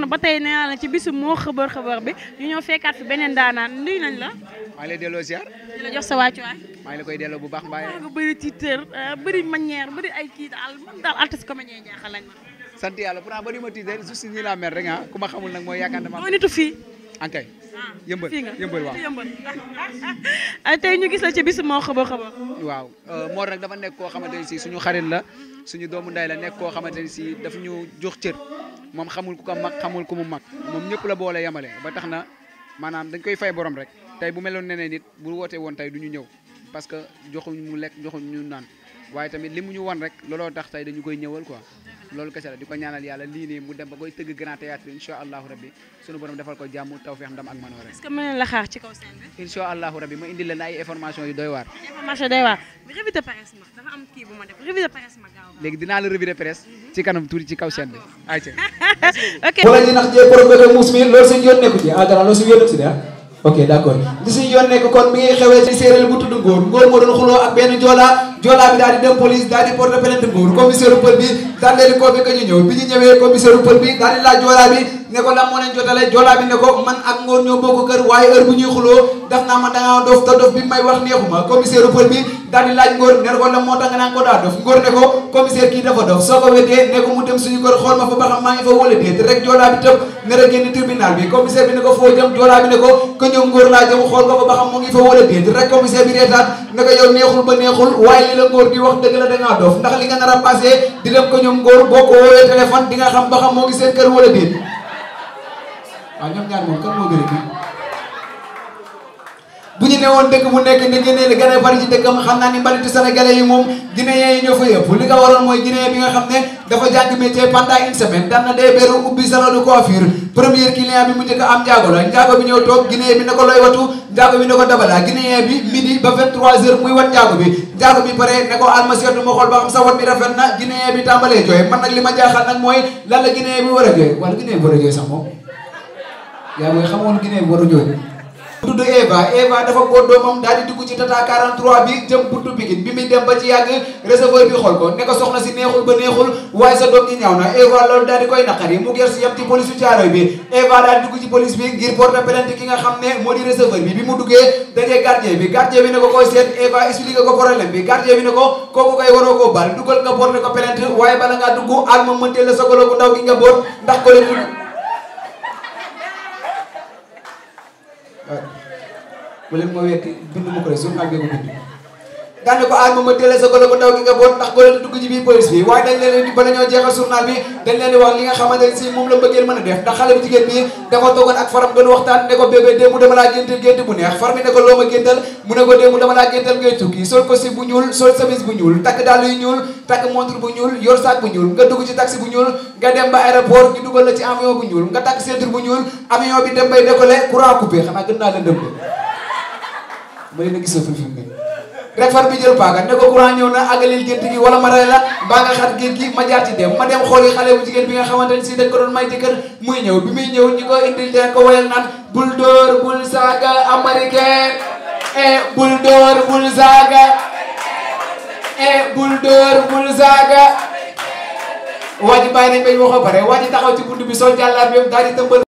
non ba tey nee la ci bisu mo xëbër xëbër bi ñu ñoo fekkat fi benen daana nuyu nañ la. ma lay delo ziar. di la jox sa waccu maa ma lay koy delo bu baax baay nga beuri bëri tiitër beuri euh, manière beuri ay ki dal man daal artiste ñe jaaxal lañ ma. sant yalla pourtant bëri ma tiser juste ni la mer rek ah ku xamul nak mooy yaakaar dama. moo nitu fii. ankay ah, yëmbal yëmbal wa ay tay ñu gis la ci bisu mo xëba xëba waaw euh, mo rek dafa nek ko xamanteni ci suñu xarit la suñu doomu nday la nek ko xamanteni ci si daf ñu jox cër moom xamul ku ko mag xamul ku mu mag moom ñëpp la boole yemale ba tax na maanaam dañ koy fay borom rek tey bu meloon neneen nit bu wootee woon tey du ñu ñëw parce que joxuñ mu lekk joxuñ ñu naan waaye tamit li mu ñu wan rek looloo tax tey dañu koy ñëwal quoi loolu kese la di ko ñaanal yàlla lii nii mu dem ba koy tëgg grand théâtre incha allahu rabbi sunu borom defal ko jàmm tawfeex ndam ak manoore. est-ce que mën incha allahu rabi ma indi leen ay information yu doy waar. information doy waar. revue de am kii bu ma def revue de presse ma gaaw léegi dinaa la revue de presse. bi. ok wala ñu nax jéeg borom bëgg muus mi loolu suñu yoon nekku ci ah, ah. ok d' accord li suñu yoon nekk kon mi ngi xewee ci séeréer bu tudd Ngor Ngor moo doon ak benn joolaa joolaa bi daal di ko lan moo daf naa ma dangaa dof te dof bi may wax neexuma commissaire pël bi daal laaj Ngor ne ko lan moo tax nga naan daa dof Ngor ne ko commissaire kii dafa dof soo ko wetee ne ko mu dem suñu kër xool ma fa ba maa ngi fa wala déet rek joolaa bi tëb nar a génn tribunal bi commissaire bi ne ko foo jëm joolaa bi ne ko ko ñëw Ngor laa xool ko fa ba xam ngi fa wala déet rek commissaire bi reetaat naka yow neexul ba neexul way li la ngor di wax deug la da nga dof ndax li nga nara passé di dem ko ñom ngor boko woyé téléphone di nga xam ba xam mo ngi seen kër wala diit waaw ñom ñaar mo kan mo gën ki bu ñu newoon dëkk bu nekk ni ngeen li gën bari ci dëkkam xam na ni mbalitu sénégalais yi mom dina yé ñu fa yëpp li nga waral moy dina bi nga xam ne dafa jàng métier pendant une semaine daan na dee beeru ubbi salon de coiffure premier client bi mu jëk am jago la jago bi ñëw tok guinéen bi nako ko watu njaago bi ne ko dabala Guinéen bi midi ba 23h muy wat njaago bi njaago bi pare ne ko alma seetu ma xol ba xam sa wat bi rafet na Guinéen bi tàmbalee jooy man nak lima jaxal nak moy lan la Guinéen bi wara joy wala Guinéen bi wara joy sax mom ya moy xamone Guinéen bi wara joy tudd Eva Eva dafa góor doomam daal di dugg ci tata 43 bi jëm buntu Pikine bi muy dem ba ci yàgg receveur bi xool ko ne soxna si neexul ba neexul waaye sa doom ñi ñaaw na Eva loolu daal di koy naqari mu ger si yam ci police u Caaroy bi Eva daal di dugg ci police bi ngir porte plainte ki nga xam ne moo di receveur bi bi mu duggee dajee gardien bi gardien bi ne ko koy seet Eva expliqué ko problème bi gardien bi ne ko koo ko plainte waaye waaw bu ma wekk bind ma ko rek journal bi ko kan ko aay moom ma télé sa ko ndaw gi nga bon tax golo di dugg ci biir police bi way dañ leen di bala ñoo jeexal journal bi dañ leen di wax li nga xamanteni ci mom la bëggeel mëna def ndax xalé bu jigeen bi dafa toogoon ak faram doon waxtaan ne ko bébé démb dama la géntal gént bu neex far ne ko loma gëntal mu ne ko démb dama la gëntal ngay tukki sol ko ci bu ñuul sol service bu ñuul tak dal yu ñuul tak montre bu ñuul yor sac bu ñuul nga dugg ci taxi bu ñuul nga dem ba aéroport gi dugal la ci avion bu ñuul nga tak ceinture bu ñuul avion bi dem bay décoller courant coupé xana gën naa lëndëm de ma leen a fi mu rek far bi jël paaka ne ko courant ñëw na àggalil gént gi wala ma rey la mbaa nga xat géej gi ma jaar ci dem ma dem xooli xale bu jigéen bi nga xamante ni si dañ ko doon may jëkkër muy ñëw bi muy ñëw ñi ko indil dee ko woyal naan bul dóor bul saaga américain eh bul dóor bul saaga eh bul dóor bul saaga waa wax ba pare waa ji taxaw ci bunt bi soo jàllaat même daal di tëmbal